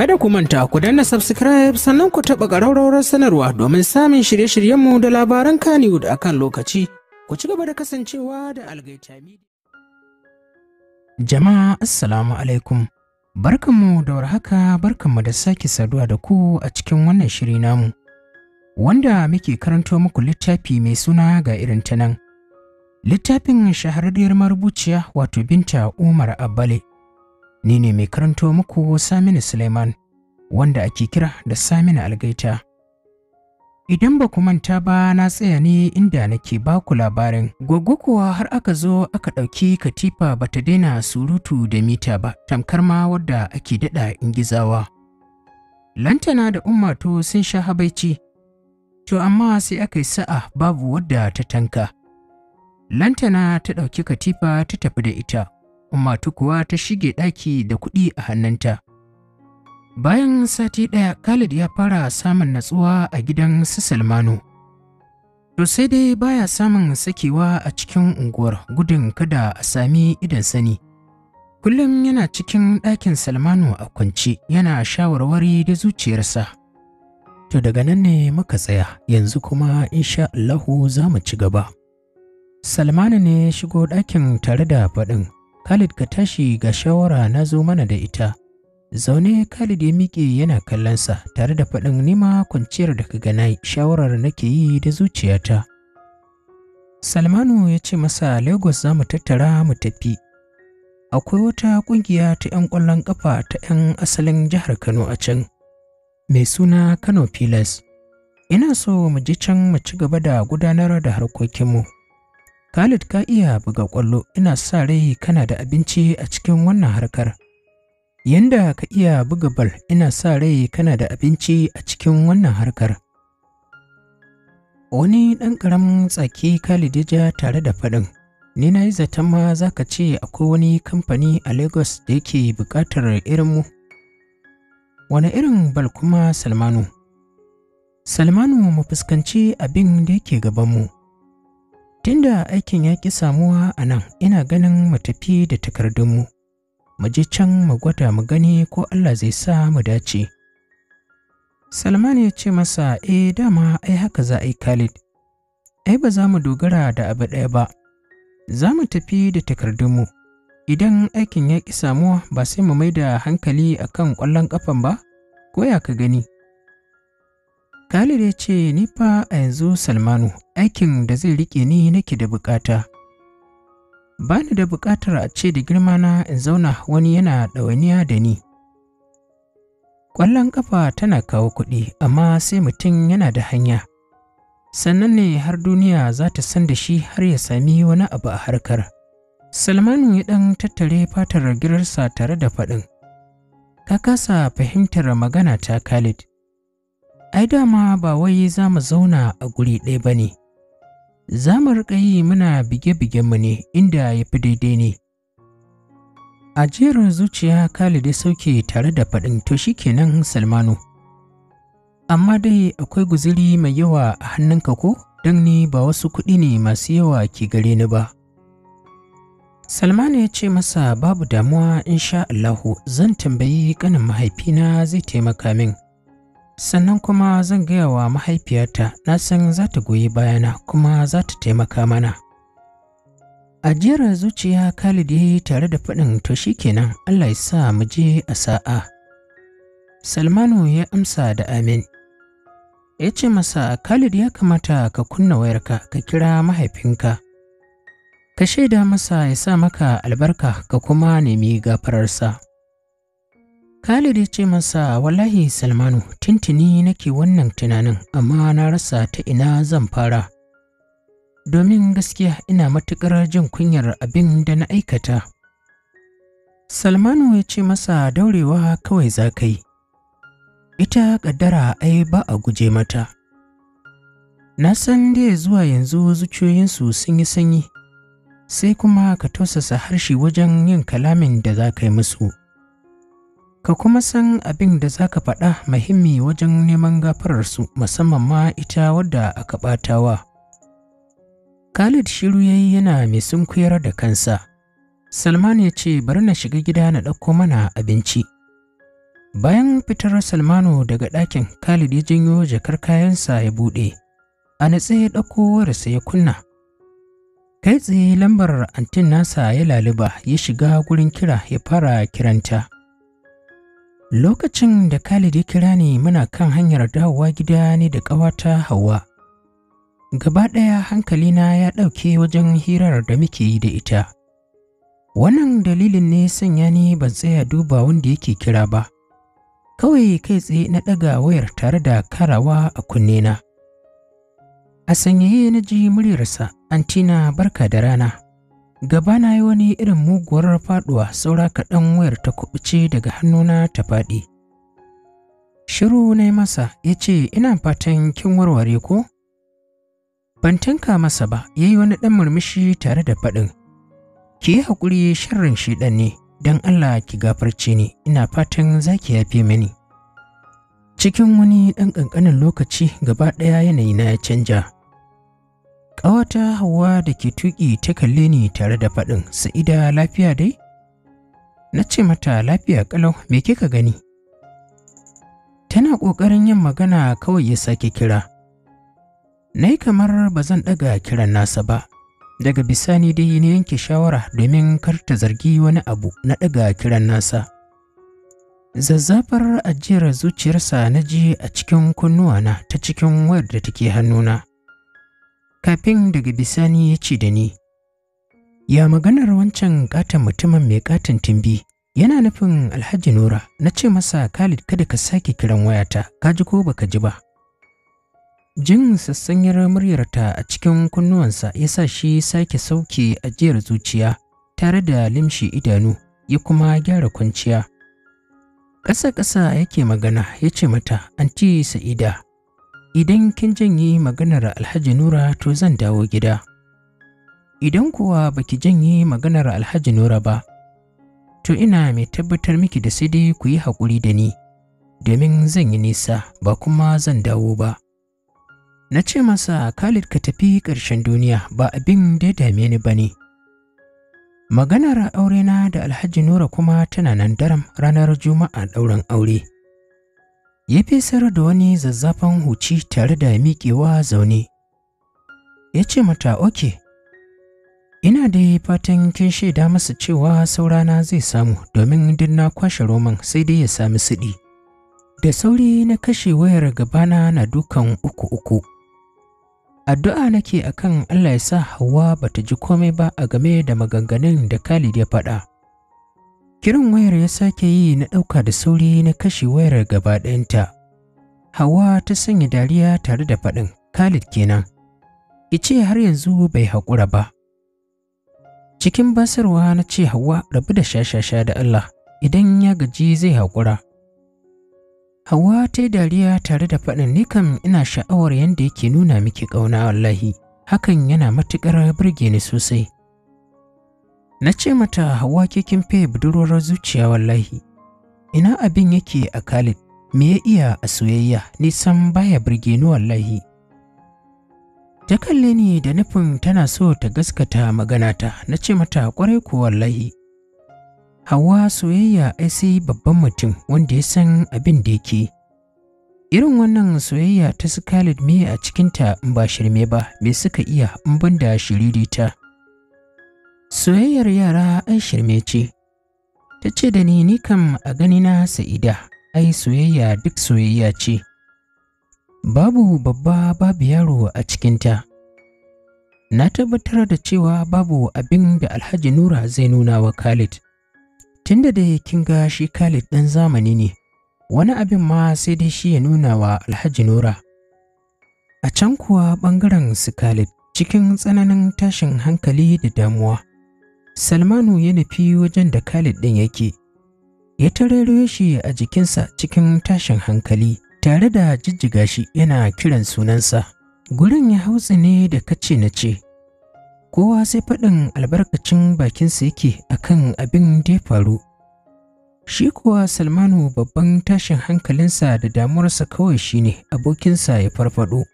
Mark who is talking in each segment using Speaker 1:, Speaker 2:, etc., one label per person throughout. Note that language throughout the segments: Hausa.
Speaker 1: Kada ku manta ku danna subscribe sannan ku taɓa ƙararrawar sanarwa domin samun shirye-shiryenmu da labaran Kannywood a kan lokaci. Ku ci gaba da kasancewa da Algaita Jama'a Assalamu alaikum. Barkanmu da warhaka barkanmu da sake saduwa da ku a cikin wannan shiri namu. Wanda muke karanto muku littafi mai suna ga irin ta nan. Littafin shahararriyar marubuciya wato Binta Umar Abbale. Ni ne mai karanto muku Saminu Suleiman, wanda ake kira da Saminu Algaita. Idan ba ku manta ba na tsaya ne inda nake ba ku labarin. Gwaggo kuwa har aka zo aka ɗauki katifa ba ta daina surutu da mita ba, tamkar ma wadda ake daɗa ingizawa. Lantana da Ummato sun sha habaici, to amma sai aka yi sa'a babu wadda ta tanka. Lantana ta ɗauki katifa ta tafi da ita, Ummatu kuwa ta shige ɗaki da kuɗi a hannunta. Bayan sati ɗaya Khalid ya fara samun natsuwa a gidan su Salmanu. To sai dai baya samun sakewa a cikin unguwar gudun kada a sami idan sani. Kullum yana cikin ɗakin Salmanu a kwance yana shawarwari da zuciyarsa. To daga nan ne muka tsaya yanzu kuma insha Allahu za mu ci gaba. Salmanu ne shigo ɗakin tare da faɗin Khalid ka tashi ga shawara na zo mana da ita. Zaune Khalid ya miƙe yana kallonsa tare da faɗin nima kwanciyar da kaga nayi shawarar nake yi da zuciyata. Salmanu ya ce masa Lagos za mu tattara mu tafi. Akwai wata ƙungiya ta 'yan ƙwallon ƙafa ta 'yan asalin jihar Kano a can, mai suna Kano Pillars. Ina so mu je can mu ci gaba da gudanar da harkokinmu Khalid ka iya buga ƙwallo, ina sa rai kana da abinci a cikin wannan harkar. Yanda ka iya buga bal, ina sa rai kana da abinci a cikin wannan harkar. Wani ɗan ƙaramin tsaki Khalid ya ja tare da faɗin. Ni na yi zaton ma za ka ce akwai wani kamfani a Lagos da yake buƙatar irinmu. Wane irin bal kuma Salmanu? Salmanu mu fuskanci abin da yake gabanmu. Tunda aikin ya ƙi samuwa a nan, ina ganin mu tafi da takardunmu. Mu je can mu gwada mu gani ko Allah zai sa mu dace. Salman ya ce masa, "E dama ai haka za a yi Khalid. Ai ba za mu dogara da abu ɗaya ba. Za mu tafi da takardunmu. Idan aikin ya ƙi samuwa ba sai mu mai da hankali akan ƙwallon ƙafan ba, ko ya ka gani?" Khalid ya ce ni fa a yanzu Salmanu aikin da zai rike ni nake da bukata. Ba ni da bukatar a ce da girma na in zauna wani yana ɗawainiya da ni. Ƙwallon ƙafa tana kawo kuɗi amma sai mutum yana da hanya. Sannan ne har duniya za ta san da shi har ya sami wani abu a harkar. Salmanu ya ɗan tattare fatar girarsa tare da faɗin. Ka kasa fahimtar magana ta Khalid. ai dama ba wai za mu zauna a guri ɗaya ba ne. Za mu riƙa yi muna bige mu ne inda ya fi daidai ne. A jerin zuciya Khalid ya sauke tare da faɗin to shi kenan Salmanu. Amma dai akwai guziri mai yawa a hannunka ko? Don ni ba wasu kuɗi ne masu yawa ke gare ni ba. Salmanu ya ce masa babu damuwa sha Allahu zan tambayi ƙanin mahaifina zai taimaka min. sannan kuma zan gaya wa mahaifiyarta na san za ta goyi bayana kuma za ta taimaka mana ajiyar zuciya khalid yi tare da faɗin to shi kenan, allah ya sa mu je a sa'a salmanu ya amsa da amin ya ce masa khalid ya kamata ka kunna wayarka ka kira mahaifinka ka shaida masa ya sa maka albarka ka kuma nemi gafararsa Khalid ya ce masa wallahi Salmanu tintini nake wannan tunanin amma na rasa ta ina zan fara. Domin gaskiya ina matuƙar jin kunyar abin da na aikata. Salmanu ya ce masa daurewa kawai za ka yi. Ita ƙaddara ai ba a guje mata. Na san dai zuwa yanzu zuciyoyinsu sun yi sanyi, sai kuma ka tausasa harshe wajen yin kalamin da za ka yi musu. ka kuma san abin da za ka faɗa muhimmi wajen neman gafararsu musamman ma ita wadda aka ɓatawa. Khalid shiru ya yi yana mai sunkuyar da kansa. Salman ya ce bari na shiga gida na ɗauko mana abinci. Bayan fitar Salmanu daga ɗakin Khalid ya janyo jakar kayansa ya buɗe. A natsa ya ɗauko wayarsa ya kunna. Kai tsaye lambar antin nasa ya laliba ya shiga gurin kira ya fara kiranta. Lokacin da Khalid ya kira ni muna kan hanyar dawowa gida ne da ƙawata Hauwa. Gaba ɗaya hankalina ya ɗauke wajen hirar da muke yi da ita. Wannan dalilin ne sanya ni ban tsaya duba wanda yake kira ba. Kawai kai tsaye na ɗaga wayar tare da karawa a kunnena. A sanyaye na ji muryarsa, Antina barka da rana. Gaba na yi wani irin muguwar faɗuwa saura kaɗan wayar ta kuɓuce daga hannuna ta faɗi. Shiru na yi masa ya ce ina fatan kin warware ko? Ban tanka masa ba ya yi wani ɗan murmushi tare da faɗin. Ki yi haƙuri sharrin shi ɗan ne don Allah ki gafarce ni ina fatan za ki yafe mini. Cikin wani ɗan ƙanƙanin lokaci gaba ɗaya yanayi na ya canja. Ƙawata Hauwa da ke tuƙi ta kalle ni tare da faɗin Sa'ida lafiya dai? Na ce mata lafiya ƙalau me kika gani? Tana ƙoƙarin yin magana kawai ya sake kira. Na yi kamar ba zan ɗaga kiran nasa ba. Daga bisani dai na yanke shawara domin kar ta zargi wani abu na ɗaga kiran nasa. Zazzafar ajiyar zuciyarsa na ji a cikin kunnuwana ta cikin wayar da take hannuna. kafin daga bisani ya ce da ni ya maganar wancan katon mutumin mai katon timbi yana nufin alhaji nura na ce masa khalid kada ka sake kiran wayata ka ji ko baka ji ba jin sassanyar muryarta a cikin kunnuwansa ya sa shi sake sauke ajiyar zuciya tare da limshi idanu ya kuma gyara kwanciya ƙasa-ƙasa yake magana ya ce mata anti sa'ida idan kin janye maganar alhaji nura to zan dawo gida idan kuwa baki janye maganar alhaji nura ba to ina mai tabbatar miki da sai dai ku yi haƙuri da ni domin zan yi nisa ba kuma zan dawo ba na ce masa khalid ka tafi ƙarshen duniya ba abin da ya dame ni ba ne maganar aurena da alhaji nura kuma tana nan daram ranar juma'a ɗaurin aure ya fesar da wani zazzafan huci tare da miƙewa zaune. Ya ce mata, "Oke, ina da fatan kin shaida masa cewa saurana zai samu domin din na kwashe roman sai dai ya sami siɗi." Da sauri na kashe wayar gabana na dukan uku-uku. Addu'a nake akan Allah ya sa Hauwa bata ji komai ba a game da maganganun da Khalid ya faɗa. Kiran wayar ya sake yi na ɗauka da sauri na kashe wayar gaba ɗayanta. Hawa ta sanya dariya tare da faɗin Khalid kenan. Ki ce har yanzu bai haƙura ba. Cikin basarwa na ce Hawa rabu da shashasha da Allah idan ya gaji zai haƙura. Hawa ta yi dariya tare da faɗin ni kam ina sha'awar yadda yake nuna miki ƙauna wallahi. Hakan yana matuƙar burge ni sosai. Na ce mata hawa kin fe budurwar zuciya wallahi. Ina abin yake a Khalid, me ya iya a soyayya nisan baya birge ni wallahi. Ta kalle ni da nufin tana so ta gaskata maganata, na ce mata kwarai ko wallahi. Hawa soyayya ai sai babban mutum wanda ya san abin da yake. Irin wannan soyayya ta su Khalid me a cikinta in ba shirme ba, me suka iya in banda da ta. Soyayyar yara ai shirme ce, ta ce da ni ni kam a ganina sa'ida, ai soyayya duk soyayya ce. Babu babba babu yaro a cikinta. Na tabbatar da cewa babu abin da Alhaji Nura zai nuna wa Khalid. Tunda da kin ga shi Khalid ɗan zamani ne, wani abin ma sai dai shi ya nuna wa Alhaji Nura. A can kuwa ɓangaren su Khalid cikin tsananin tashin hankali da damuwa. Salmanu ya nufi wajen da Khalid ɗin yake. Ya tarero shi a jikinsa cikin tashin hankali tare da jijjiga shi yana kiran sunansa. Gurin ya hautsi ne da kace na ce. Kowa sai faɗin albarkacin bakinsa yake a kan abin da ya faru. Shi kuwa Salmanu babban tashin hankalinsa da damuwarsa kawai shi ne, abokinsa ya farfaɗo.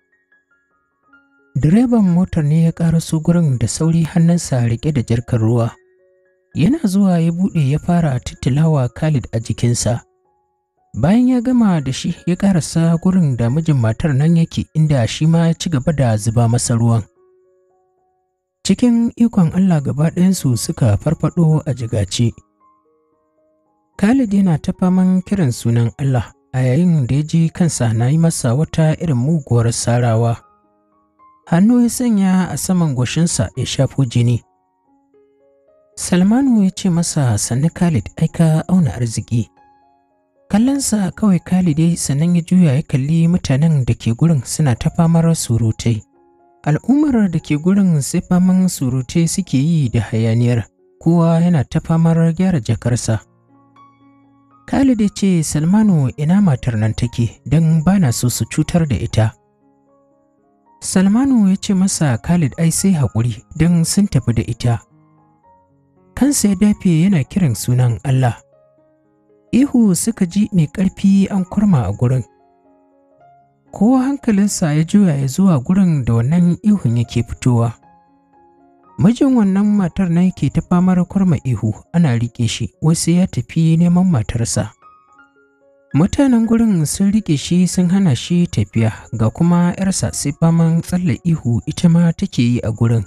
Speaker 1: Direban motar ne ya ƙaraso gurin da sauri hannunsa riƙe da jarkar ruwa. Yana zuwa ya buɗe ya fara titilawa Khalid a jikinsa. Bayan ya gama da shi ya ƙarasa gurin da mijin matar nan yake inda shi ma ya ci gaba da zuba masa ruwan. Cikin ikon Allah gaba ɗayansu suka farfaɗo a jigace. Khalid yana ta faman kiran sunan Allah a yayin da ya ji kansa na yi masa wata irin muguwar sarawa. hannu ya sanya a saman goshinsa ya shafo jini. Salmanu ya ce masa sannu Khalid aika auna arziki. Kallonsa kawai Khalid ya sannan ya juya ya kalli mutanen da ke gurin suna ta famar surutai. Al'ummar da ke gurin sai faman surutai suke yi da hayaniyar, kowa yana ta famar gyara jakarsa. Khalid ya ce Salmanu ina matar nan take don ba na so su cutar da ita. Salmanu ya ce masa Khalid ai sai haƙuri don sun tafi da ita. Kansa ya dafe yana kiran sunan Allah. Ihu suka ji mai ƙarfi an kurma a gurin. Kowa hankalinsa ya juya ya zuwa gurin da wannan ihun yake fitowa. Mijin wannan matar na yake ta famar kurma ihu ana riƙe shi wasu ya tafi neman matarsa. mutanen gurin sun riƙe shi sun hana shi tafiya ga kuma ‘yarsa sai tsalla tsalle ihu ita ma take yi a gurin.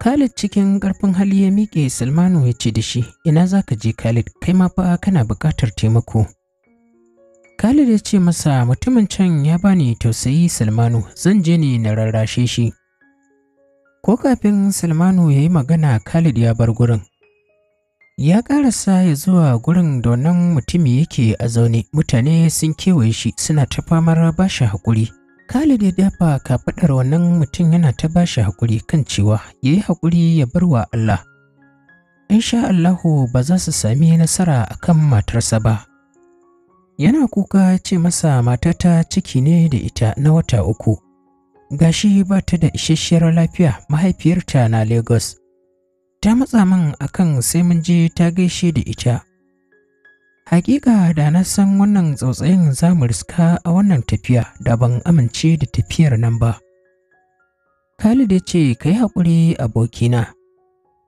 Speaker 1: Khalid cikin ƙarfin hali ya miƙe Salmanu ya ce da shi, ina za ka je Khalid, kai ma fa kana buƙatar taimako. Khalid ya ce masa mutumin can ya bani tausayi Salmanu, zan je ne na rarrashe shi. Ko kafin Salmanu ya yi magana Khalid ya bar gurin, ya karasa ya zuwa gurin da wannan mutumi yake a zaune mutane sun kewaye shi suna ta famar ba shi haƙuri Khalid ya dafa kafaɗar wannan mutum yana ta ba shi haƙuri kan cewa yayi yi haƙuri ya bar wa Allah insha Allahu ba za su sami nasara akan matarsa ba yana kuka ce masa matata ciki ne da ita na wata uku gashi ba ta da isasshiyar lafiya mahaifiyarta na Lagos ta matsa min akan sai mun je ta gaishe da ita. Hakika da na san wannan tsautsayin za mu riska a wannan tafiya da ban amince da tafiyar nan ba. Khalid ya ce, Ka yi haƙuri abokina,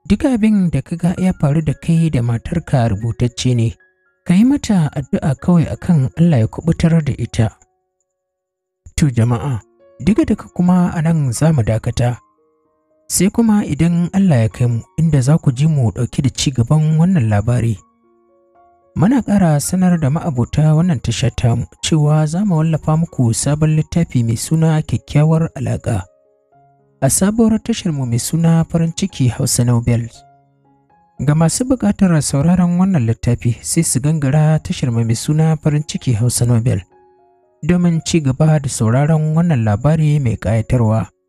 Speaker 1: duk abin da ka ga ya faru da kai da matarka rubutacce ne, ka yi mata addu'a kawai akan Allah ya kubutar da ita. To jama'a, da ka kuma a nan za mu dakata. Sai kuma idan Allah ya kai mu inda za ku ji mu ɗauki da ci gaban wannan labari. Muna ƙara sanar da ma'abota wannan tasha tamu cewa za mu wallafa muku sabon littafi mai suna kyakkyawar alaƙa. A sabuwar tashar mu mai suna farin ciki Hausa Nobel. Ga masu buƙatar sauraron wannan littafi sai su gangara tashar mu mai suna farin ciki Hausa Nobel. domin ci gaba da sauraron wannan labari mai ƙayatarwa.